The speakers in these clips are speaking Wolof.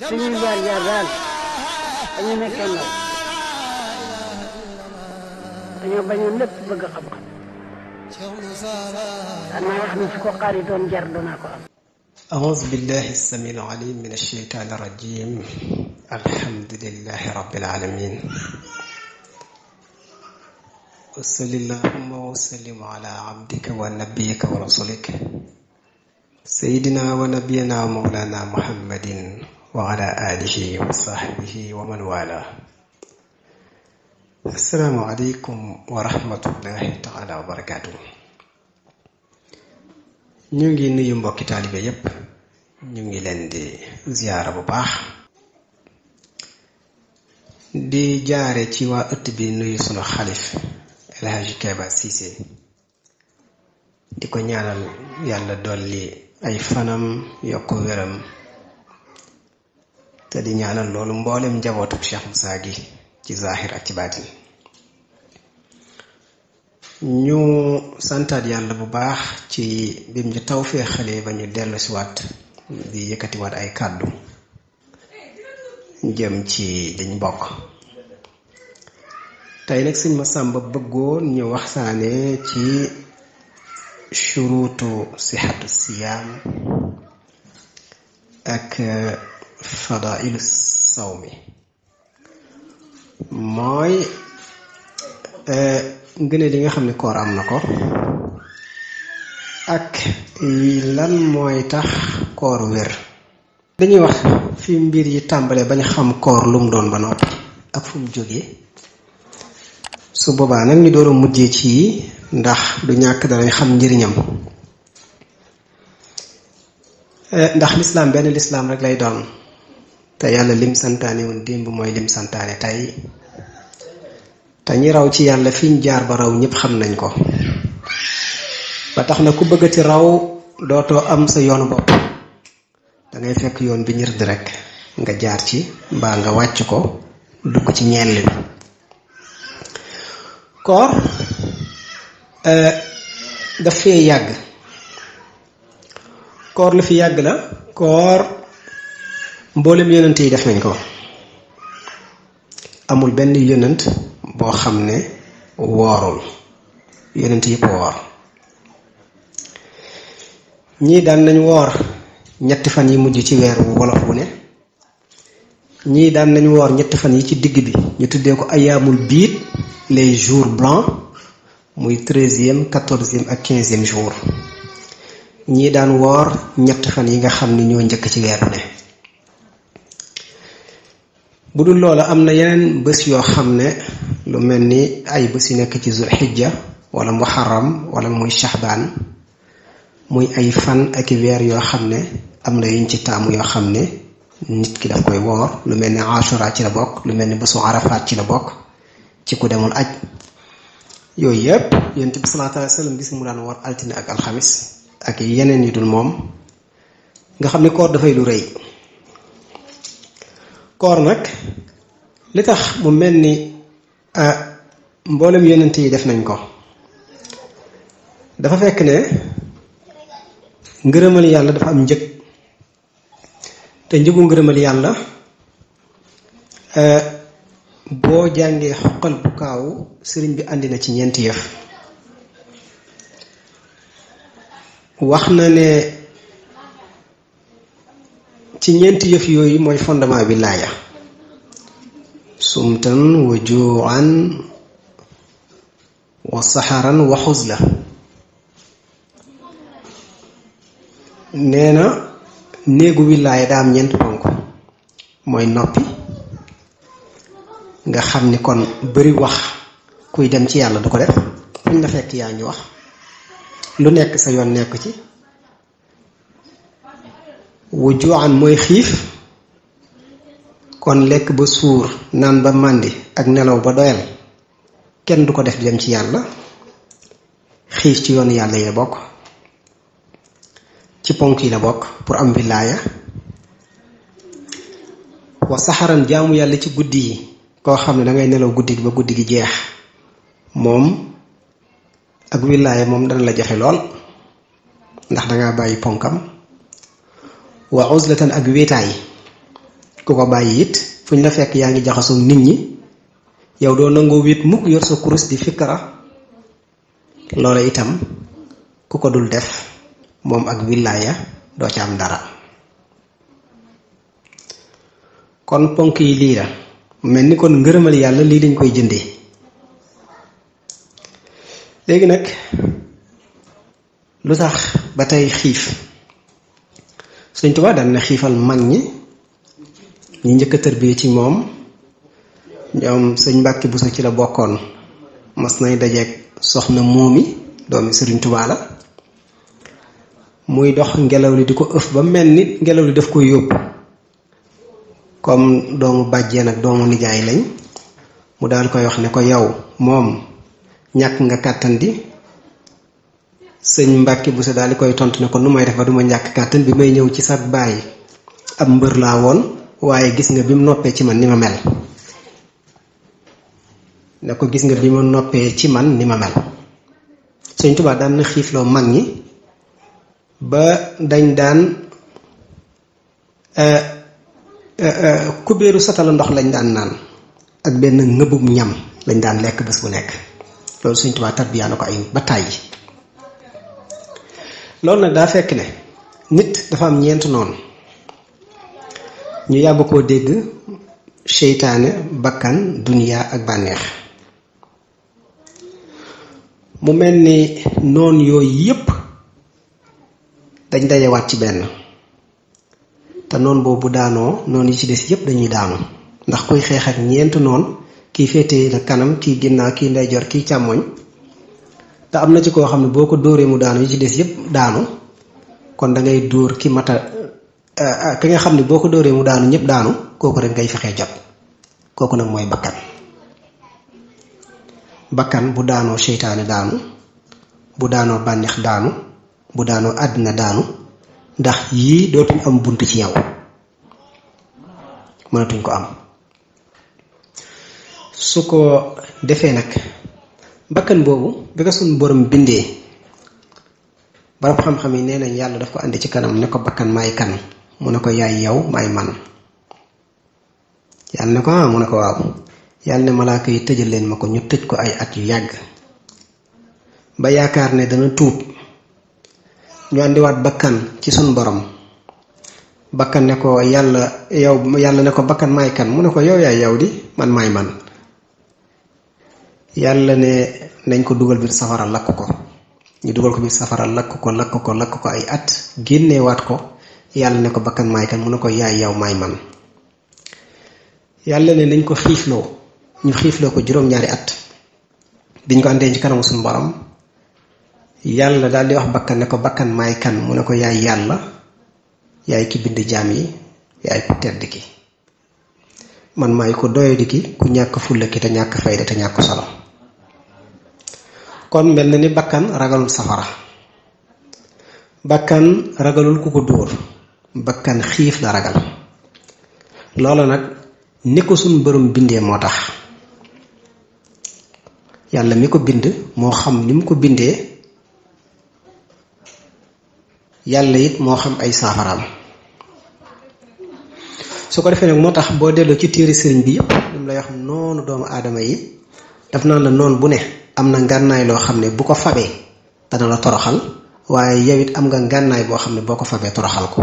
شنو قال يا بال أنا كنا أنا بني نت بقى قبقى أنا رحمة شكو قاري دون جردنا أعوذ بالله السميع العليم من الشيطان الرجيم الحمد لله رب العالمين وصل اللهم وسلم على عبدك ونبيك ورسولك سيدنا ونبينا مولانا محمد وعلى آله وصحبه ومن والاه السلام عليكم ورحمة الله تعالى وبركاته نيجي نيوم بوكي طالب يب نيجي لندي زيارة بباح دي جاري تيوا اتبي نيو سنو خليف الهاجي كيبا سيسي دي كو نيالا يالا دولي اي فنم يوكو ورم te di ñaanal loolu mboolem njabootuk Cheikh Moussa gi ci zaaxir ak ci baatin ñu santaat yàlla bu baax ci bim ñu taw fee xale ba ñu dellu si waat di yëkkatiwaat ay kàddu jëm ci dañ bokk tey nag sëñ Massamba bëggoon ñu waxtaane ci shuruutu sixatu siyaam ak fadailu mi mooy eh, ngëneel yi nga xam ne koor am na ko ak lan mooy tax koor wér dañuy wax fi mbir yi tàmbale bañ xam koor lu doon ba noppi ak fu mu jógee su boobaa nag ñu door a mujjee ci ndax du ñàkk danañ xam njëriñam eh, ndax lislaam benn lislaam rek lay doon te yàlla lim santaane woon démb mooy lim santaane tey te ñi raw ci yàlla fiñ jaar ba raw ñëpp xam nañ ko ba tax na ku bëggati raw dootoo am sa yoonu bopp dangay fekk yoon bi ñër di rek nga jaar ci mbaa nga wàcc ko dugg ci ñeel li koor euh, daf fee yàgg koor lu fi yàgg la koor mboolem yonent yi def nañ ko amul benn yonent boo xam ne woorul yonent yëpp woor ñii daan nañ woor ñetti fan yi mujj ci weer wolof wu ne ñii daan nañ woor ñetti fan yi ci digg bi ñu tuddee ko ayaamul biit les jours blancs muy 13e 14e ak 15e jour ñii daan woor ñetti fan yi nga xam ni ñoo njëkk ci weer wu ne budul dul loola am na yeneen bés yoo xam ne lu mel ni ay bés yu nekk ci zulxijja wala muharram wala muy shahban muy ay fan ak weer yoo xam ne am na yuñ ci taamu yoo xam ne nit ki daf koy woor lu mel ni ashura ci la bokk lu mel ni bésu arafat ci la bokk ci ku demul aj yooyu yépp yonent bi salaatu alayhi sallam gis mu daan woor altine ak alxamis ak yeneen yi dul moom nga xam ne koor dafay lu rëy koor nag li tax mu mel ni mboolem yonent yi def nañ ko dafa fekk ne ngërëmal yàlla dafa am njëg te njëgu ngërëmal yàlla boo jàngee xoqal bu kaawu sëriñ bi andi na ci ñeenti yëf wax na ne ci ñent yef yoy moy fondement laaya sumtan wujuan wa saharan wa huzla neena neegu wi laaya da am ñent ponk moy nopi nga xamni kon bari wax kuy dem ci yalla du ko def fuñ la fekk yaa ngi wax lu nekk sa yoon nekk ci wujuan moy xif kon lek ba sour nan ba mandi ak nelaw ba doyal kenn du ko def dem ci yalla xif ci yoon yalla ya bok ci ponk yi la bok pour am wilaaya wa saharan jamu yalla ci guddi yi koo xam nelaw guddi ba guddi gi jeex mom ak wilaaya mom dana la jafe lol ndax nga bayyi ponkam wa uzlatan ak wéetaay ku ko bàyyi it fu ñu la fekk yaa ngi jaxasoo nit ñi yow doo nangoo wéet mukk yor sa kurus di fikkara loola itam ku ko dul def moom ak willaaya doo ca am dara kon ponk yi lii la mel ni kon ngërëmal yàlla lii lañ koy jënde léegi nag lu tax ba tey xiif sëñ touba dan na xifal mag ñi ñi njëkk a tërbiye ci moom ñoom sëñ mbàkki bu ci la bokkoon mas nay dajeeg soxna moomi doomi sëriñ touba la muy dox ngelaw li di ko ëf ba mel ni ngelaw li daf koy yóbbu comme doomu bàjjeen ak doomu nijaay lañ mu daal koy wax ne ko yow moom ñàkk nga kàttan di sëñ mbàkki bu sa daal di koy tontu ne ko nu may def ba du ma ñàkk kàttan bi may ñëw ci sa baay ab mbër laa woon waaye gis nga bi mu noppee ci man ni ma mel ne ko gis nga bi ma noppee ci man ni ma mel daan na xiifloo mag ñi ba dañ daan eh, eh, eh, kubéeru satala ndox lañ daan naan ak benn ngëbum ñam lañ daan lekk bés bu nekk loolu sëñ Tuubaa tarbiyaa na ko ay ba tàyyi loolu nag daa fekk ne nit dafa am ñeent noon ñu yàgg koo dégg seytaane bakkan duniyaa ak bànneex mu mel ni noon yooyu yépp dañ dajewaat ci benn te noon boobu daanoo noon yi ci des yépp dañuy daanu ndax kuy xeex ak ñeent noon kii féete la kanam kii ginnaaw kii ndeyjoor kii càmmoñ te na ci koo xam ne boo ko dóoree mu daanu ci des yëpp daanu kon da ngay dóor ki euh, ki nga xam ne boo ko dóoree mu daanu ñëpp daanu kooku rek ngay fexee jot nag mooy bakkan bakkan bu daanoo seytaane daanu bu daanoo bànneex daanu bu daanoo àddina daanu ndax yii dootuñ am bunt ci yow mënatuñ ko am su ko defee nag bakkan boobu bi ko suñu borom bindee borom xam-xam yi nee nañ yàlla daf ko andi ci kanam ne ko bakkan maay kan mu ne ko yaay yow maay man yàlla ah, mu ne ko waaw yàlla leen ma ko ñu tëj ko ay at yu yàgg ba yaakaar ne dana tuub ñu àndiwaat bakkan ci suñ borom bakkan ne ko yàlla yow yàlla ne ko bakkan maay mu ne ko yow yow di man maay man yàlla ne nañ ko dugal biir safara lakk ko ñu dugal ko biir safara lakk ko lakk ko lakk ko ay at génnewaat ko yàlla ne ko bakkan maay kan ko yaay yow maay man yàlla ne nañ ko xiifloo ñu xiifloo ko juróom at biñ ko àndee ci kanamu suñu borom daal di wax bakkan ne ko bakkan maay kan mu ne ko yaay yàlla yaay ki bind jaam yi yaay ku tedd ki man maay ko doyadi ki ku ñàkk fulla ki te ñàkk fayda te ñàkk solo kon mel na ni bàkkan ragalul safara bakkan ragalul ku ko dóor bakkan xiif la ragal loolu nag ni ko suñ boroom bindee moo tax yàlla mi ko bind moo xam ni mu ko bindee yàlla it moo xam ay saafaraam su ko defee nag moo tax boo delloo ci téere sëriñ bi yëpp li mu lay wax noonu doomu aadama yi daf naan la noon bu ne amna ngannaay lo xamne ne bu ko fabee dana la toroxal waye yow am nga ngannaay bo xamne ne fabé toroxal ko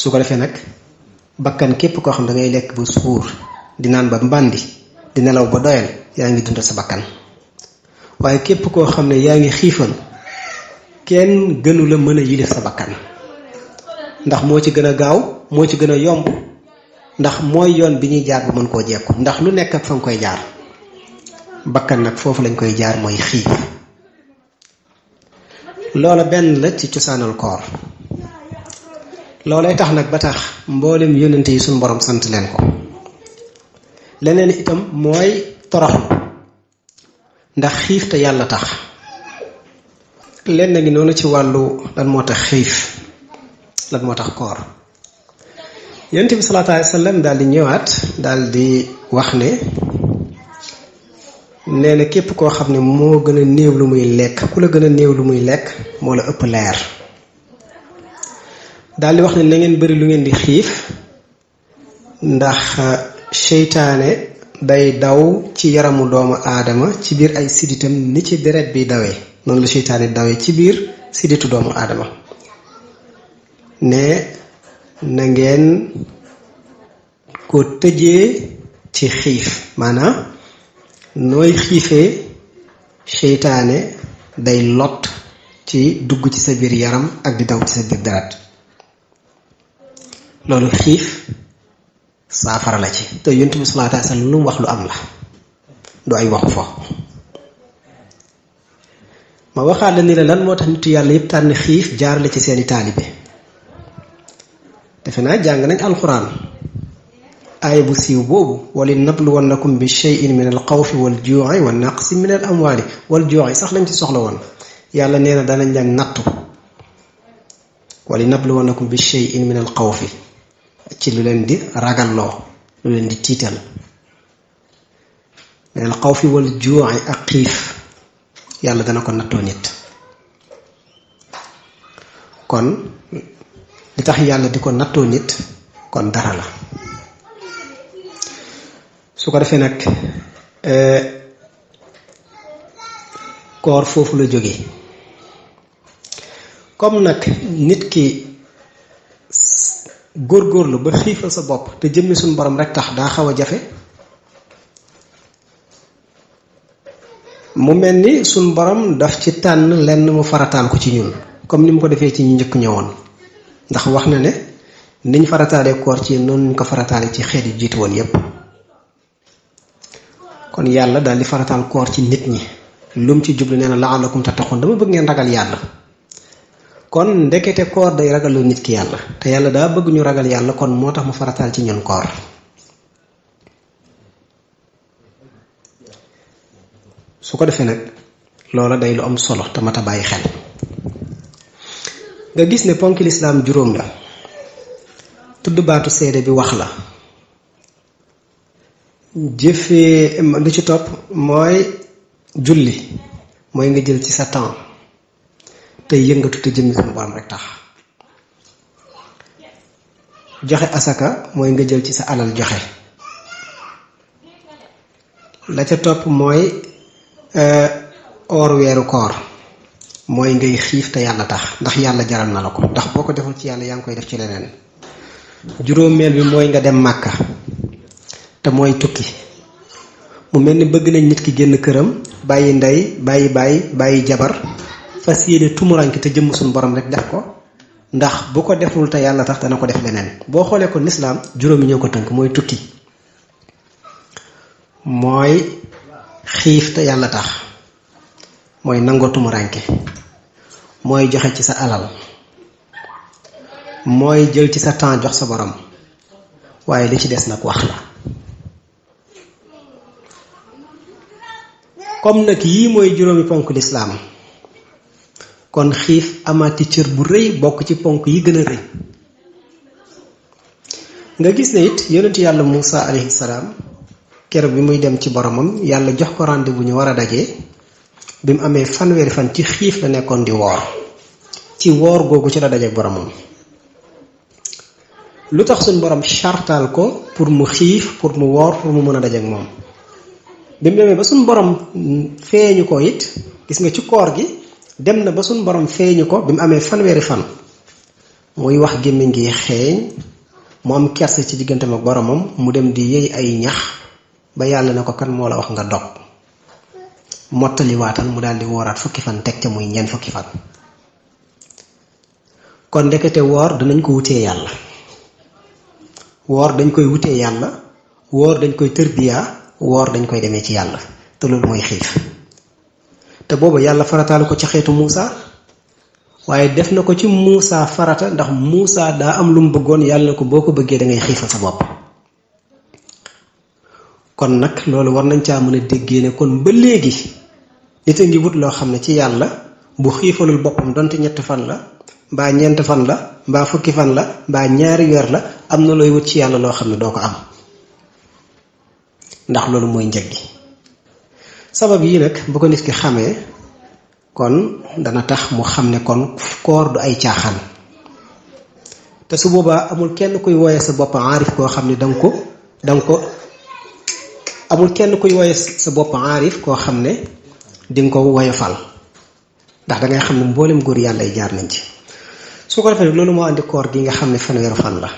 su ko defé nak bakkan kep ko xamne da ngay lek bu suur di nan ba mbandi di nelaw ba doyal yaa ngi sa bakkan waye kep ko xamne ne yaa ngi kenn gënu la mën a sa bakkan ndax mo ci gëna gaaw mo ci gëna yomb ndax moy yoon bi jaar bu mën ko jekku ndax lu nekk fa jaar bakkan nak fofu lañ koy jaar moy xii loola benn la ci cosaanal koor loolay tax nag ba tax mboolem yónnante yi suñu borom sant leen ko leneen itam mooy toroxlu ndax xiif te yàlla tax lenn ngi noonu ci wàllu lan moo tax xiif lan moo tax koor yonent bi salaatu alayhi sallam daal di ñëwaat daal di wax ne nee na képp koo xam ne moo gën a néew lu muy lekk ku la gën a néew lu muy lekk moo la ëpp leer daldi wax ne na ngeen bëri lu ngeen di xiif ndax eh, seytaane day daw ci yaramu doomu aadama ci biir ay siditam ni ci deret bi dawee noonu la seytaane dawee ci biir siditu doomu aadama ne na ngeen ko tëjee ci xiif maanaam nooy xiifee seytaane day lot ci dugg ci sa biir yaram ak di daw ci sa biir deret loolu xiif saafara la ci te yonent bi sallallahu alayhi wa lu mu wax lu am la du ay waxu fo ma waxaat la ni la lan moo tax nitu yàlla yëpp tànn xiif jaar la ci seeni taalibe defe naa jàng nañ alxuraan ايبو سيو بوبو ولنبلونكم بشيء من الخوف والجوع والنقص من الاموال والجوع صح لم تسخلون يلا نينا دانا نجان نقطو ولنبلونكم بشيء من الخوف تي لولن دي راغال لو لولن دي تيتال من الخوف والجوع اقيف يلا دانا كو نتو نيت كون لتاخ يلا ديكو نتو نيت كون دارا لا su ko defee nag eh, koor foofu la jóge comme nag nit ki góor góorgóorlu ba xiifal sa bopp te jëmmi suñu borom rek tax daa xaw a jafe mu mel ni suñu borom daf ci tànn lenn mu farataal ko ci ñun comme ni mu ko defee ci ñu njëkk ñëwoon ndax wax na ne niñ farataale koor ci noonu ñu ko farataale ci xeet yu jiitu woon yépp kon yàlla daal di faratal koor ci nit ñi lum ci jublu nee na ta tattaqun dama bëgg ngeen ragal yàlla kon ndekete koor day ragaloo nit ki yàlla te yàlla daa bëgg ñu ragal yàlla kon moo tax mu farataal ci ñun koor su ko defee nag loola day lu am solo te mata bàyyi xel nga gis ne ponki lislaam juróom la tudd baatu seede bi wax la jëfee lu ci topp mooy julli mooy nga jël ci sa temps te yëngatu te jëmmi sama borom rek tax joxe asaka mooy nga jël ci sa alal joxe la ca topp mooy euh, or weeru koor mooy ngay xiif te yàlla tax ndax yàlla jaram na la ko ndax boo ko deful ci yàlla yaa ngi koy def ci leneen juróomeel bi mooy nga dem màkka te mooy tukki mu mel ni bëgg nañ nit ki génn këram bàyyi ndey bàyyi bàyyi bàyyi jabar fas yéene tumuranke te jëmm suñu borom rek def ko ndax bu ko deful te yàlla tax dana ko def leneen boo xoolee ko lislaam juróomi ñoo ko tënk mooy tukki mooy xiif te yàlla tax mooy nangoo tumuranke mooy joxe ci sa alal mooy jël ci sa temps jox sa borom waaye li ci des nag wax la comme nak yi moy juromi ponk l'islam kon xif amati cieur bu reuy bok ci ponk yi gëna reuy nga gis ne it yonent yalla musa alayhi salam kër bi muy dem ci boromam yalla jox ko rendez vous ñu war dajé dajee amé fan wéri fan ci xif la nekkon di wor ci wor gogu ci la dajé boromam lu sun borom chartal ko pour mu xif pour mu wor pour mu mëna dajé ak mom bim demé ba sun borom feñu ko it gis nga ci koor gi dem na ba sun borom feñu ko bim amé amee fan muy wax gémmiñ ngi xéñ mu am kersa ci digganteem ak boromam mu dem di yey ay ñax ba yalla nako ko kan mo la wax nga dog watal mu daldi worat fukki fan tek ci muy ñen fukki fan kon ndekete woor danañ ko wuté yalla woor dañ koy wuté yalla woor dañ koy terbiya woor dañ koy demee ci yàlla te loolu mooy xiif te boobu yàlla farataalu ko ci xeetu Muusa waaye def na ko ci Muusa farata ndax Muusa daa am lu mu bëggoon yàlla na ko boo ko bëggee da ngay xiifal sa bopp kon nag loolu war nañ caa mën a déggee ne kon ba léegi nit a ngi wut loo xam ne ci yàlla bu xiifalul boppam donte ñett fan la mbaa ñent fan la mbaa fukki fan la mbaa ñaari weer la am na looy wut ci yàlla loo xam ne doo ko am ndax loolu mooy njëg yi sabab yii nag bu ko nit ki xamee kon dana tax mu xam ne kon koor du ay caaxaan te su boobaa amul kenn kuy wooye sa bopp aarif koo xam ne danga ko danga ko amul kenn kuy wooye sa bopp koo xam ne dinga ko woyofal ndax dangay xam ne mboolem góor yàlla ay jaar nañ ci su ko defee loolu moo andi koor gi nga xam ne fanweeru fan la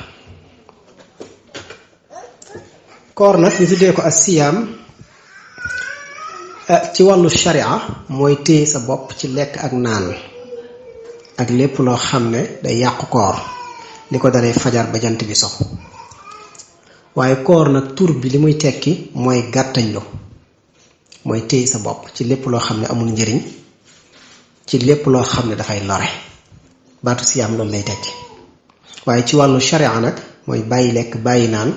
koor nag ñu tuddee ko as siyaam eh, ci wàllu sharia mooy téye sa bopp ci lekk ak naan ak lépp loo xam ne day yàqu koor li ko dalay fajar ba jant bi so waaye koor nag tur bi li muy tekki mooy gàttañ gàttañlu mooy téye sa bopp ci lépp loo xam ne amul njëriñ ci lépp loo xam ne dafay lore baatu siyaam loolu lay tekki waaye ci wàllu sharia nag mooy bàyyi lekk bàyyi naan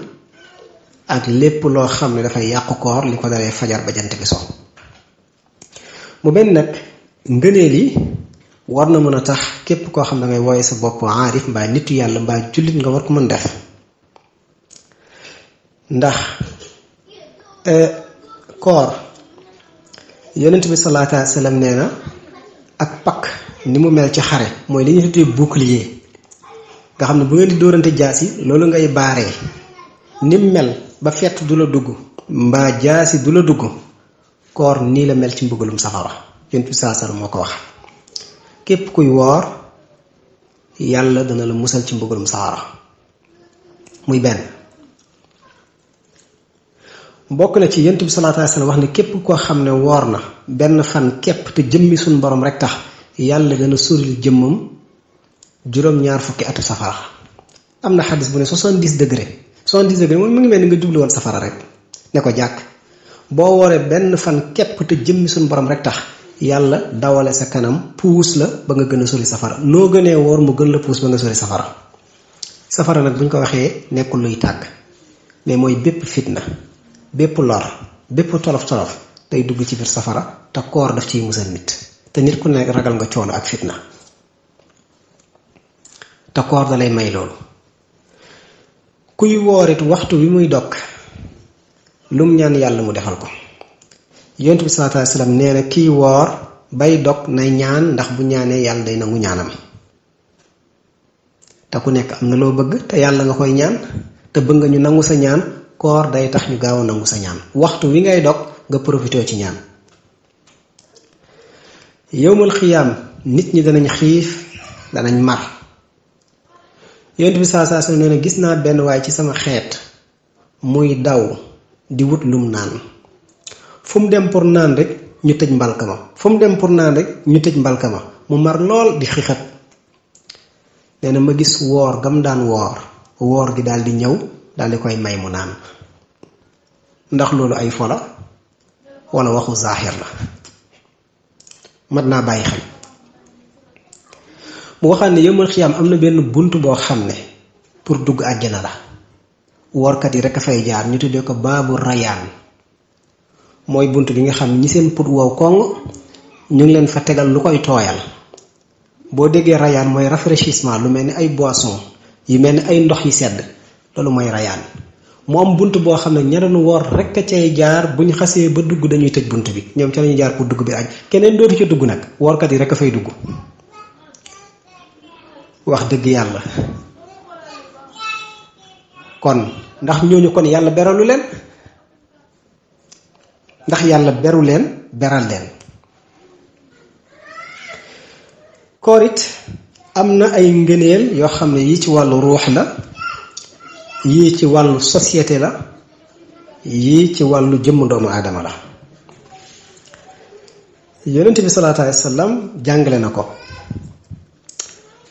ak lépp loo xam ne dafay yàqu koor li ko dalee fajar ba jant bi so mu benn nag ngëneel yi war na mën a tax képp koo xam ne ngay wooye sa bopp aarif mbaa nitu yàlla mbaa jullit nga war ko mën def ndax e, koor yonent bi salaatu wa nee na ak pak ni mu mel ci xare mooy li ñu tuddee bouclier nga xam ne bu ngeen di dóorante jaas yi loolu ngay baaree ni mel ba fet du la dugg mba jaasi du la dugg koor ni la mel ci mbugulum safara yent bi sallallahu moko wax kep kuy wor yàlla dana la musal ci mbugulum safara muy ben mbok la ci yent bi sallallahu alayhi salaam wax ni kep ko xamne ne na fan kep te jëmmi suñ borom rek tax yàlla dana suril jëmmam juróom-ñaar fukki atu safara amna hadith bu ne 70 degrés soixante-dix degré moom mu ngi mel ni nga jublu woon safara rek ne ko jàkk boo wooree benn fan képp te jëmmi suñu borom rek tax yàlla dawale sa kanam puus la ba nga gën a sori safara noo gënee woor mu gën la puus ba nga sori safara safara nag bu ñu ko waxee nekkul luy tàgg mais mooy bépp fitna bépp lor bépp tolof tolof day dugg ci biir safara te koor daf ciy musal nit te nit ku nekk ragal nga coono ak fitna te koor da lay may loolu kuy worit waxtu wi muy dok lum ñaan yalla mu defal ko yontu bi sallallahu alayhi wasallam neena ki wor bay dok na ñaan ndax bu ñaané yalla day nangu ñaanam ta ku nek amna lo bëgg te yalla nga koy ñaan te bëgg ñu nangu sa ñaan koor day tax ñu gaaw nangu sa ñaan waxtu wi ngay dok nga profité ci ñaan yowmal xiyaam nit ñi danañ xiif danañ mar yonent bi saa saa su nee na gis naa benn waaye ci sama xeet muy daw di wut lum naan fu dem pour naan rek ñu tëj mbalka ma fu mu dem pour naan rek ñu tëj mbalka ma mu mar lool di xixat nee ma gis woor gam daan woor woor gi daal ñëw daal koy may mu naan ndax loolu ay fola wala waxu zaaxir la mat naa bàyyi xel mu waxaan ne yëmal xiyam am na benn bunt boo xam ne pour dugg àjjana la workat yi rek fay jaar ñu tuddee ko baabu rayaan mooy bunt bi nga xam ñi seen put wow kong ñu ngi leen fa tegal lu koy tooyal boo déggee rayaan mooy rafraîchissement lu mel ni ay boisson yu mel ni ay ndox yi sedd loolu mooy rayaan mu am bunt boo xam ne ña doon woor rek ka cay jaar bu ñu xasee ba dugg dañuy tëj bunt bi ñoom ca lañu jaar pour dugg bi aj keneen dootu ca dugg nag yi rek fay dugg wax dëgg yàlla kon ndax ñooñu kon yàlla beralu leen ndax yàlla beru leen beral leen koor am na ay ngëneel yoo xam ne yi ci wàllu ruux la yii ci wàllu société la yii ci wàllu jëmm doomu aadama la yonent bi salaatu alayhi wa jàngale na ko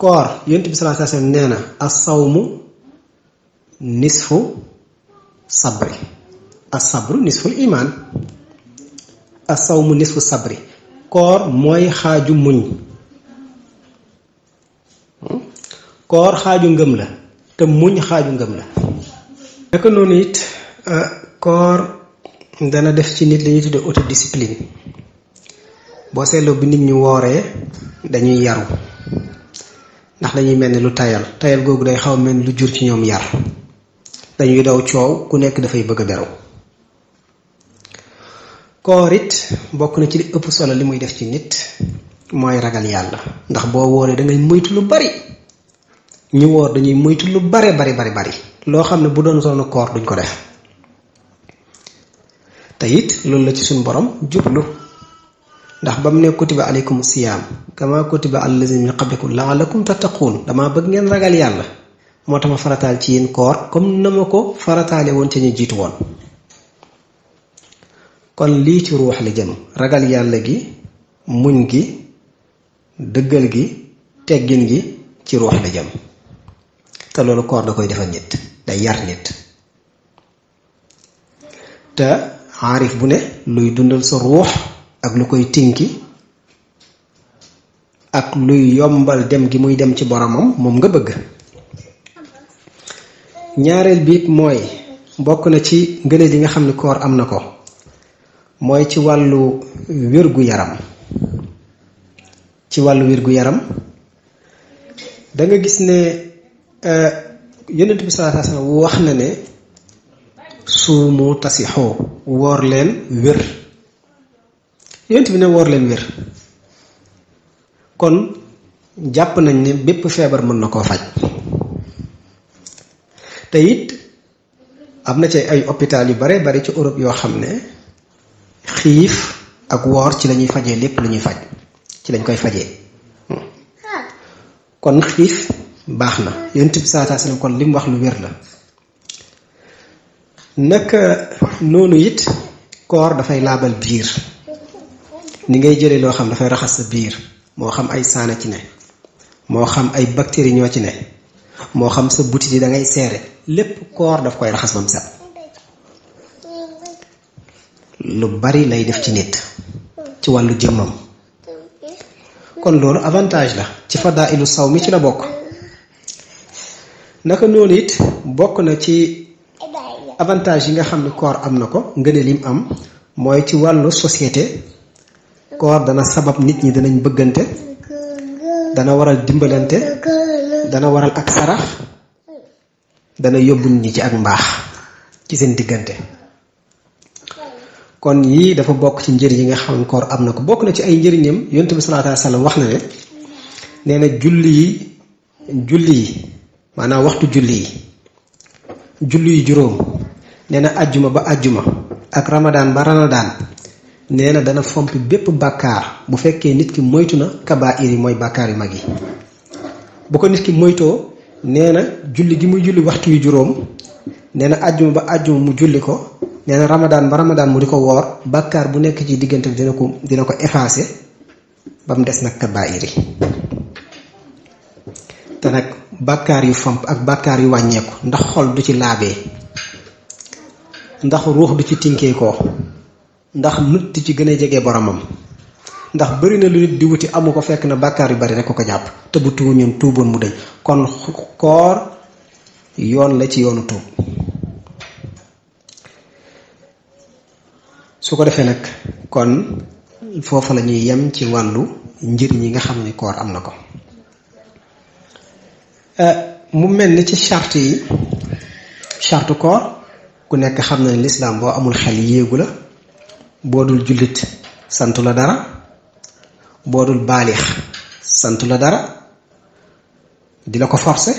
koor yonent bi sallallahu alayhi wa sallam nee na saw mu nisfu sabri as-sabru nisful imaan as-sawmu nisfu sabri koor mooy xaaju muñ koor xaaju ngëm la te muñ xaaju ngëm la naka noonu it euh, koor dana def ci nit la ñuy tuddee autodiscipline boo seetloo bi nit ñi wooree dañuy yaru ndax dañuy mel ni lu tayal tayal googu day xaw mel ni lu jur ci ñoom yar dañuy daw coow ku nekk dafay bëgg a beru koor it bokk na ci li ëpp solo li muy def ci nit mooy ragal yàlla ndax boo wooree da ngay moytu lu bari ñu woor dañuy moytu lu bare bari bari bari loo xam ne bu doon sonn koor duñ ko def te it loolu la ci suñu borom jublu ndax ba mu ne kutiba aleykum siyaam kama kutiba allazina laa la laalakum tattaquun damaa bëgg ngeen ragal yàlla moo tax ma farataal ci yéen koor comme na ma ko farataale woon ca ñu jiitu woon kon lii ci ruux li jëm ragal yàlla gi muñ gi dëggal gi teggin gi ci ruux la jëm te loolu koor da koy defal nit day yar nit te aarif bu ne luy dundal sa ruux ak lu koy tinki ak luy yombal dem gi muy dem ci boromam moom nga bëgg ñaareel biit mooy bokk na ci ngëneel yi nga xam ne koor am na ko mooy ci wàllu wérgu yaram ci wàllu wérgu yaram danga gis ne euh, yonent bi sallallahu alayhi wasallam wax na ne suumu tasixoo woor leen wér yonent bi ne woor leen wér kon jàpp nañ ne bépp feebar mën na koo faj te it am na ci ay hôpital yu bare bari ci Europe yoo xam ne xiif ak woor ci lañuy fajee lépp lu ñuy faj ci lañ koy faje kon xiif baax na yonent bi saa saa kon lim wax lu wér la naka noonu it koor dafay laabal biir ni ngay jëlee loo xam dafay raxas sa biir moo xam ay saana ci ne moo xam ay bactéries ñoo ci ne moo xam sa butit yi da ngay seere lépp koor daf koy raxas ba mu set lu bari lay def ci nit ci wàllu jëmmam kon loolu avantage la ci fadaa ilu saw mi ci la bokk naka noonu it bokk na ci avantage yi nga xam ne koor am na ko ngëneel lim am mooy ci wàllu société koor dana sabab nit ñi danañ bëggante dana waral dimbalante dana waral ak sarax dana yóbbu nit ñi ci ak mbaax ci seen diggante kon yii dafa bokk ci njëriñ yi nga xam ne koor am na ko bokk na ci ay njëriñam yonent bi sallallahu alayhi wax na ne nee na julli yi julli yi maanaam waxtu julli yi julli yi juróom neena àjjuma ajjuma ba ajjuma ak ramadaan ba ramadaan nee na dana fomp bépp bàkkaar bu fekkee nit ki moytu na kabaa'ir yi mooy bàkkaar yu mag yi bu ko nit ki moytoo nee na julli gi muy julli waxtu yu juróom nee na àjjuma ba àjjuma mu julli ko nee na ramadaan ba ramadaan mu di ko woor bàkkaar bu nekk ci diggante bi dina ko dina ko effacé ba mu des nag kabaa'ir yi te nag bàkkaar yu fomp ak bàkkaar yu wàññeeku ndax xol du ci laabee ndax ruux du ci tinkee ko ndax nit ci gëna a boromam ndax bari na lu nit di wuti amu ko fekk na bakkar yu bari rek ko ko japp te bu ñun tuubon mu kon koor yoon la ci yoonu tuub su ko defé nak kon fofu la ñuy yem ci walu njir ñi nga xamni koor am na ko euh, mu melni ci charte yi charte koor ku nekk xam na amul xel yéegu boo dul jullit santu la dara boo dul baalix santu la dara di la ko forcé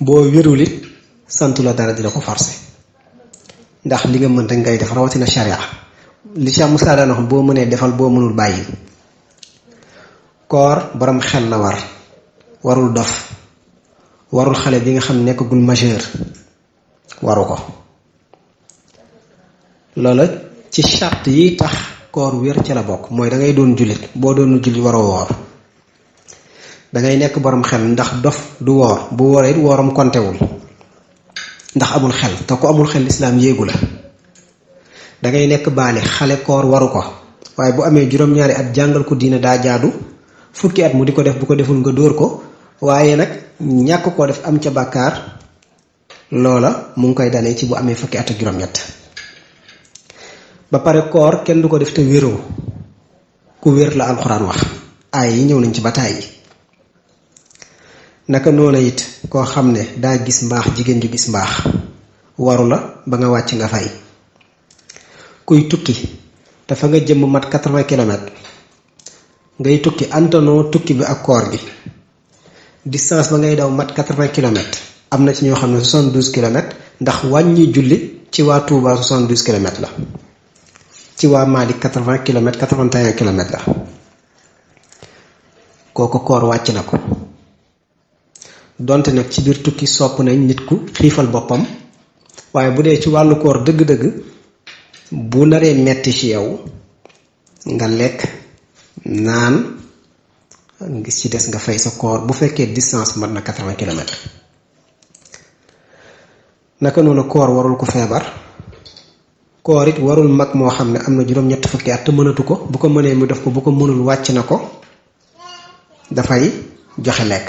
boo wérul it la dara di ko forcé ndax li nga mënta ngay def rawatina sharia li Cheikh Moussa daan wax boo mënee defal boo mënul bàyyi koor borom xel la war warul dof warul xale bi nga xam nekkagul majeur waru ko loola ci chart yi tax koor wér ci la bok moy da ngay doon julit bo doon julit waro wor da ngay nek borom xel ndax dof du wor bu woré it konté wul ndax amul xel ta ko amul xel islam yegula da ngay nek balé xalé koor waru ko waye bu amé juróom-ñaari at jangal ko diina da jaadu fukki at mu diko def bu ko deful nga dóor ko waye nak ñak ko def am ca bàkkaar lola mu ngi koy dalé ci bu amé fukki at ak ñett ba pare koor kenn du ko def te wéroo ku wér la alxuraan wax aay yi ñëw nañ ci ba tàyyi naka noonu it koo xam ne daa gis mbaax jigéen ju gis mbaax waru la ba nga wàcc nga fay kuy tukki dafa nga jëm mat 80 kilomètres ngay tukki antanoo tukki bi ak koor bi distance ba ngay daw mat 80 kilomètres am na ci ñoo xam ne 72 kilomètres ndax wàññi julli ci waa Touba 72 kilomètres la ci waa Mali quatre-vingts kilomètres quatre-vingt-un kilomètres la kooku koor wàcc na ko donte nag ci biir tukki sopp nañ nit ku xiifal boppam waaye bu dee ci wàllu koor dëgg-dëgg bu naree metti ci yow nga lekk naan ngi ci des nga fay sa koor bu fekkee distance mat na quatre-vingts kilomètres naka noonu koor warul ko feebar koor it warul mag moo xam ne am na juróom ñett fukki at te mënatu ko bu ko mënee mu def ko bu ko mënul wàcc na ko dafay joxe lekk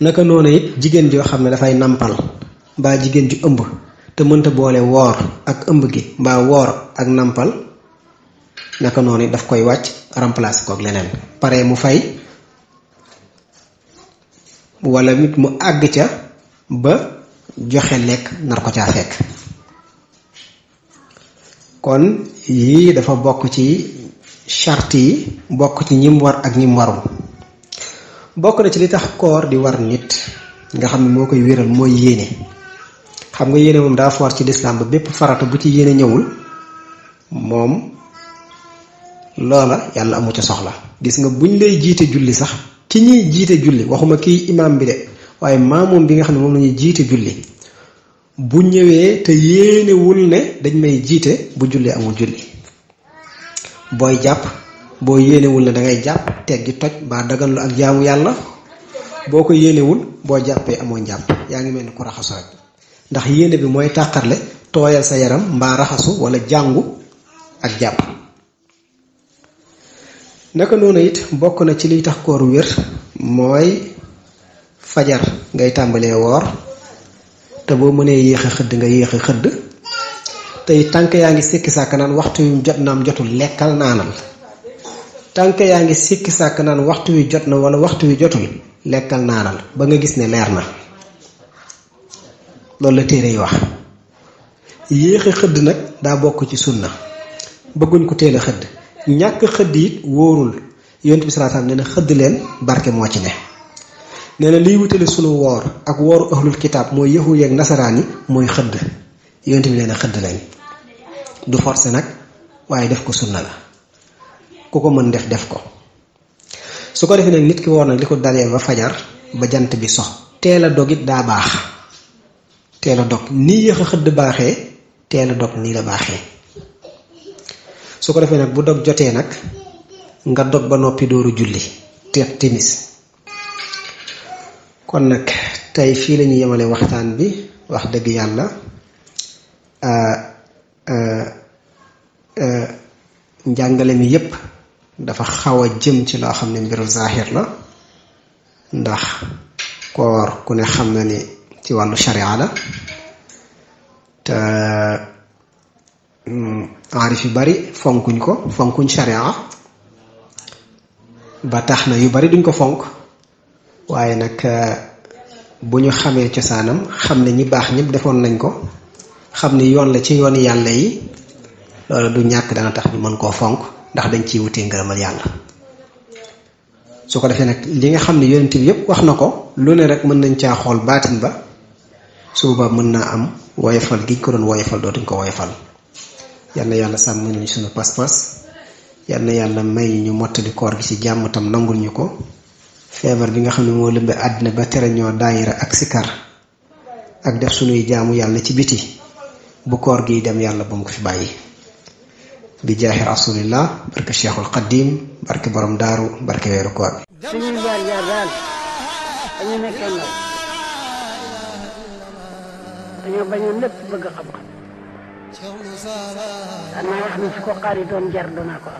naka noonu it jigéen joo xam ne dafay nàmpal mbaa jigéen ju ëmb te mënta boole woor ak ëmb gi mbaa woor ak nàmpal naka noonu it daf koy wàcc remplacer kook leneen pare mu fay walla nit mu àgg ca ba joxe lekk nar ko caa fekk kon yii dafa bokk ci chart yi bokk ci ñim war ak ñim warul bokk na ci li tax koor di war nit nga xam ne moo koy wéral mooy yéene xam nga yéene moom daa foor ci lislaam ba bépp farata bu ci yéene ñëwul moom loola yàlla amu ca soxla gis nga buñ lay jiite julli sax ki ñuy jiite julli waxuma kii imaam bi de waaye maamoom bi nga xam ne moom lañuy jiite julli bu ñëwee te yéenewul ne dañ may jiite bu julli amul julli booy jàpp boo yéenewul ne da ngay jàpp teggi toj mbaa daganlu ak jaamu yàlla boo ko yéenewul boo jàppee amoo njàpp yaa ngi mel ni ku raxasu rek ndax yéene bi mooy tàqarle tooyal sa yaram mbaa raxasu wala jàngu ak jàpp naka noonu it bokk na ci liy tax koor wér mooy fajar ngay tàmbalee woor te boo mënee yéex xëdd nga yéex xëdd tey tànk yaa ngi sikki sàkk naan waxtu yu jot naam jotul lekkal naanal tànk yaa ngi sikki sàkk naan waxtu wi jot na wala waxtu wi jotul lekkal naanal ba nga gis ne leer na loolu la téere yi wax yéexi xëdd nag daa bokk ci sunna bëgguñ ko teel xëdd ñàkk xëdd yi wóorul yonent bi sallallahu alayhi xëdd leen barke moo ci ne neena li wutale sunu woor ak wooru ahlul kitab moy yahuud yeeg nasaraan moy xëdd yonent bi nee xëdd du forcé nak waye def ko sunna la ku ko mën def def ko su ko defee nak nit ki woor nak liko dalé ba fajar ba jant bi sox téla dogit da bax téla dog ni yéex xëdd dog ni la baxé su ko defee nak bu dog joté nak nga dog ba nopi dooru julli timis kon nag tey fii la ñu yemale waxtaan bi wax dëgg yàlla ah, ah, ah, njàngale mi yépp dafa xaw a jëm ci loo xam ne mbiru zaahir la ndax koor ku ne xam na ni ci wàllu sharia la te mm, aarif yu bari fonkuñ ko fonkuñ sharia ba tax na yu bari duñ ko fonk waaye nag eh, bu ñu xamee cosaanam xam ne ñi baax ñëpp defoon nañ ko xam ne yoon la ci yoon yàlla yi loolu du ñàkk dana tax ñu mën koo fonk ndax dañ ciy wutee ngërëmal yàlla su ko defee nag li nga xam ne yonent bi yëpp wax na ko lu ne rek mën nañ caa xool baatin ba suuba mën naa am woyofal giñ ko doon woyofal dootuñ ko woyofal yal na yàlla sàmm nañu suñu pas-pas yal na yàlla may ñu mottali koor gi ci jàmm tam nangul ko feebar bi nga xam ne moo lëmbe àddina ba tere ñoo daayira ak sikar ak def sunuy jaamu yàlla ci biti bu koor gi dem yàlla ba mu ko fi bàyyi bi jaaxi rasulillah barke cheikhul xadim barke borom daaru barke weeru koor bi suñuy jaar jaar daal dañu nekkee ndaw dañoo bañoon lépp bëgg xam-xam